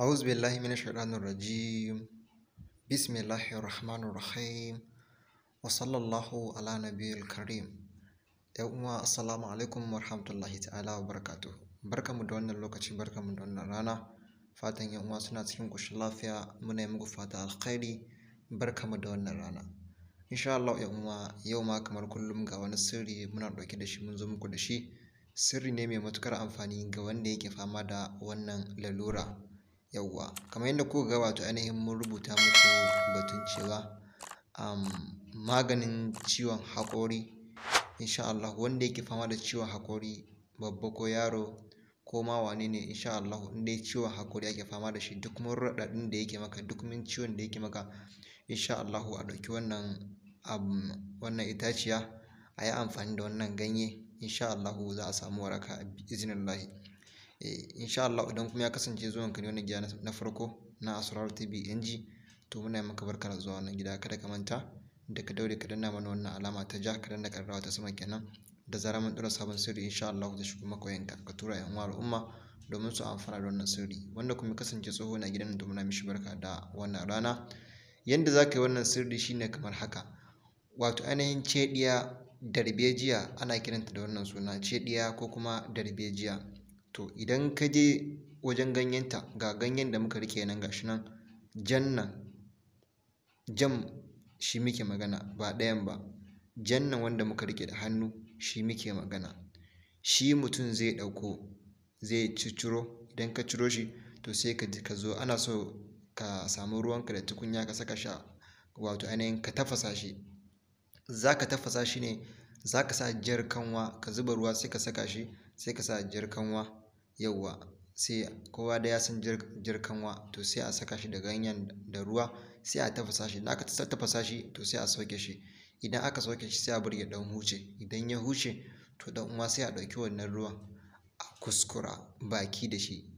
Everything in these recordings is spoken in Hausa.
أعوذ بالله من الشيطان الرجيم بسم الله الرحمن الرحيم وصلى الله على نبي الكريم uwa assalamu alaikum wa rahmatullahi ta'ala wa barakatuh barkamu da wannan lokaci barkamu da wannan rana fatan yan uwa suna cikin ƙoshin lafiya muna yi muku fata alkhairi barkamu da wannan rana insha Allah yau ma kamar kullum ga wani sirri muna ɗauke da shi mun zo muku da shi sirri ne mai matukar amfani ga wanda yake fama da wannan lalura yauwa kamar yadda kuka ga wato ainihin mun rubuta muku batun cewa um, maganin ciwon haƙori insha Allah wanda yake fama da ciwon haƙori babba ko yaro ko ma wane ne insha Allah in dai ciwon haƙori ake fama da shi duk mun raɗaɗin da yake maka duk mun ciwon da yake maka insha Allah a ɗauki wannan um, wannan itaciya a yi amfani da wannan ganye insha Allah za a samu waraka izinin Allah eh insha Allah idan kuma ya kasance zuwan ka ne wani gida na farko na Asrar TV NG to muna maka barka da zuwa wannan gida kada ka manta da ka daure ka danna mana wannan alama ta ja ka danna karrawa ta sama kenan da zarar mun dora sabon sirri insha Allah zai shigo maka wayanka ka tura yan uwa al'umma domin su amfana da wannan sirri wanda kuma kasance tsoho na gidan to muna mishi barka da wannan rana yanda za ka yi wannan sirri shine kamar haka wato ainihin cediya darbejiya ana kiranta da wannan suna cediya ko kuma darbejiya to idan ka je wajen ganyenta ga ganyen da muka rike nan gashi nan jan jam shi muke magana ba ɗayan ba jannan wanda muka rike da hannu shi muke magana shi mutum zai ɗauko zai cicciro idan ka ciro shi to sai ka ka zo ana so ka samu ruwanka da tukunya ka saka sha wato ainihin ka tafasa shi za ka tafasa shi ne za ka sa jar kanwa ka zuba ruwa sai ka saka shi sai ka sa jar kanwa yauwa sai kowa da ya san jirkanwa to sai a saka shi da ganyen da ruwa sai a tafasa shi da aka tafasa shi to sai a sauke shi idan aka sauke shi sai a burge dan huce idan ya huce to dan uwa sai a ɗauki wannan ruwan a kuskura baki da shi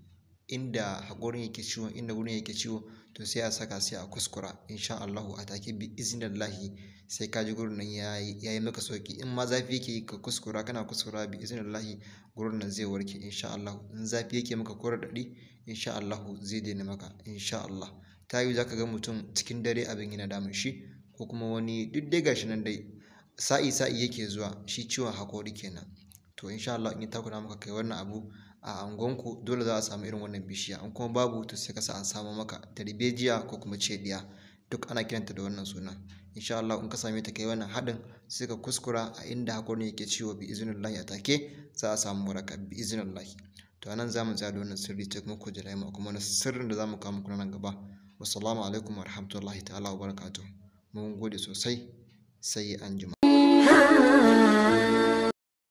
inda haƙorin yake ciwo inda gurin yake ciwo to sai a saka sai a kuskura insha Allahu a take bi iznillahi sai ka ji gurin nan yayi yi maka sauki in ma zafi yake ka kuskura kana kuskura bi iznillahi gurin nan zai warke insha Allahu in zafi yake maka ko radadi insha Allahu zai daina maka insha Allah ta yi zaka ga mutum cikin dare abin yana damun shi ko kuma wani duk dai gashi nan dai sa'i sa'i yake zuwa shi ciwon haƙori kenan to insha Allah in ta kuna maka kai wannan abu a angonku dole za a samu irin wannan bishiya in kuma babu to sai kasa an samu maka darbejiya ko kuma cediya duk ana kiranta da wannan suna insha Allah in ka same ta kai wannan haɗin sai ka kuskura a inda hakorin yake ciwo bi iznillahi a take za a samu waraka bi iznillahi to anan zamu tsaya da wannan sirri ta kuma ko jira kuma wani sirrin da zamu kawo muku nan gaba wassalamu alaikum wa rahmatullahi ta'ala barakatuh mun gode sosai sai anjima